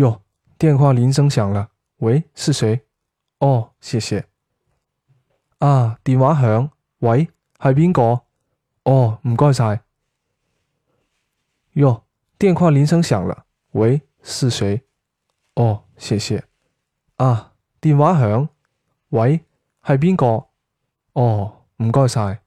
喲，Yo, 電話鈴聲響了。喂，是誰？哦、oh,，謝謝。啊、ah,，電話響。喂，係邊個？哦、oh,，唔該晒。喲，電話鈴聲響了。喂，是誰？哦、oh,，謝謝。啊、ah,，電話響。喂，係邊個？哦、oh,，唔該晒。